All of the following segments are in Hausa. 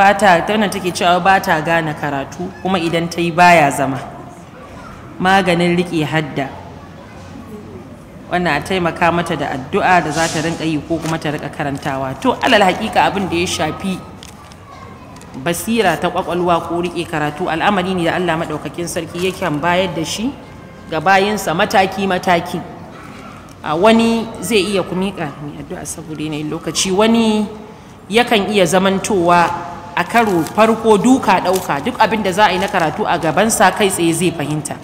bata ta take cewa bata gane karatu kuma idan ta yi baya zama maganin riƙe hadda wannan a taimaka mata da addu'a da za ta rinka yi ko kuma ta rika karantawa to alal haƙiƙa abin da ya shafi basira ta ƙwaƙwalwa ko riƙe karatu al'amari ne da Allah maɗaukakin sarki yakan bayar da shi ga bayansa mataki-mataki a wani zai iya kumika mai addu'a saboda yanayin lokaci wani yakan iya zamantowa a karo farko duka ɗauka duk abin da za a yi na karatu a gabansa kai tsaye zai fahimta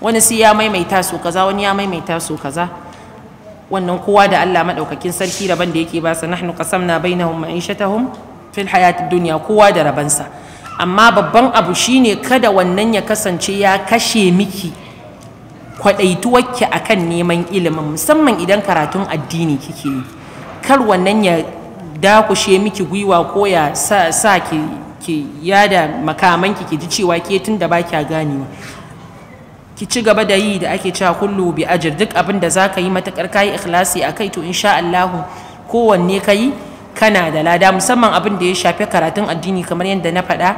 wani sai ya maimaita su kaza wani ya maimaita su kaza wannan kowa da Allah madaukakin sarki raban da yake basa nahnu qasamna bainahum ma'ishatahum fil hayatid dunya kowa da rabansa amma babban abu shine kada wannan ya kasance ya kashe miki kwadaituwarki akan neman ilimin musamman idan karatun addini kike yi kar wannan ya dakushe miki gwiwa ko ya sa, sa ki, ki yada makamanki ki ji cewa ke tun da ba kya ganewa ki ci gaba da yi da ake cewa kullu bi ajir duk abin da zaka yi matakar kai ikhlasi akai to insha Allah kowanne kai kana da lada musamman abin da ya shafi karatun addini kamar yadda na faɗa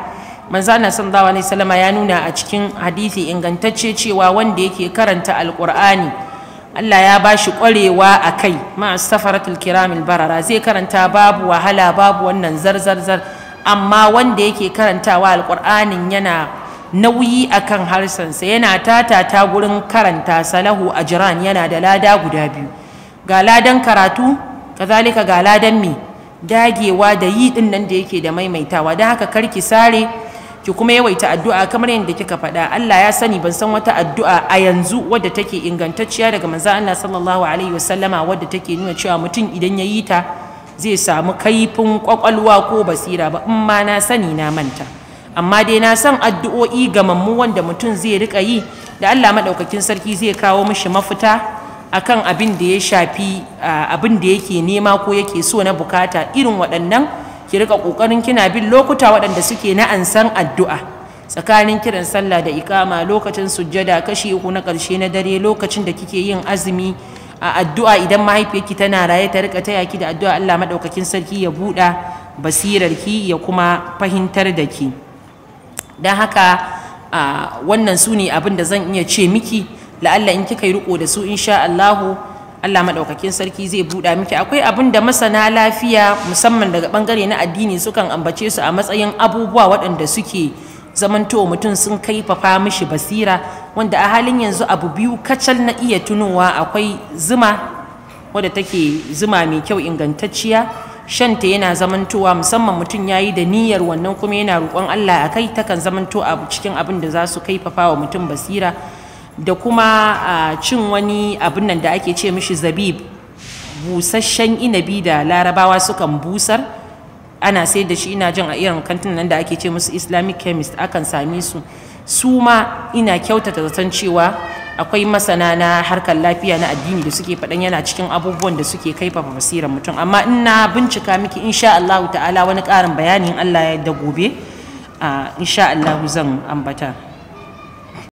manzo Allah sallallahu alaihi wasallama ya nuna a cikin hadisi ingantacce cewa wanda yake karanta alqur'ani Allah ya ba shi ƙwarewa a kai ma'as safaratul kiramil barara zai karanta babu wahala babu wannan zarzarzar amma wanda yake karantawa alƙur'anin yana nauyi a kan harsansa yana tatata gurin karanta salahu a jiran yana da lada guda biyu ga ladan karatu kazalika ga ladan mai. dagewa da yi ɗin nan da yake da maimaitawa don haka karki sare ki kuma yawaita addu'a kamar yadda kika faɗa Allah ya sani ban san wata addu'a a yanzu wadda take ingantacciya daga manzo Allah sallallahu alaihi wasallama wadda take nuna cewa mutum idan ya yi ta zai samu kaifin kwakwalwa ko basira ba in ma na sani na manta amma dai na san addu'o'i ga mammu wanda mutum zai rika yi da Allah madaukakin sarki zai kawo mishi mafita akan abin da ya shafi abin da yake nema ko yake so na bukata irin waɗannan ki rika ƙoƙarin kina bin lokuta waɗanda suke na ansan addu'a tsakanin kiran sallah da ikama lokacin sujjada kashi uku na ƙarshe na dare lokacin da kike yin azumi a addu'a idan mahaifiyarki tana raye ta rika taya ki da addu'a Allah madaukakin sarki ya buɗa basirarki ya kuma fahimtar da ki don haka wannan su ne abin da zan iya ce miki la'alla in kika yi riko da su insha Allahu Allah maɗaukakin sarki zai buɗa miki akwai abin da masana lafiya musamman daga bangare na addini sukan ambace su a matsayin abubuwa waɗanda suke zamantowa mutum sun kaifafa mishi basira wanda a halin yanzu abu biyu kacal na iya tunowa akwai zuma wadda take zuma mai kyau ingantacciya shanta yana zamantowa musamman mutum ya yi da niyyar wannan kuma yana roƙon Allah a kai takan zamanto a cikin abin da za su kaifafa wa mutum basira da kuma a cin wani abin nan da ake ce mishi zabib busasshen inabi da larabawa sukan busar ana sai da shi ina jin a irin kantin nan da ake ce musu islamic chemist akan same su su ma ina kyautata zaton cewa akwai masana na harkar lafiya na addini da suke faɗan yana cikin abubuwan da suke kaifa basirar mutum amma in na bincika miki insha Allah ta'ala wani ƙarin bayanin Allah ya da gobe insha Allah zan ambata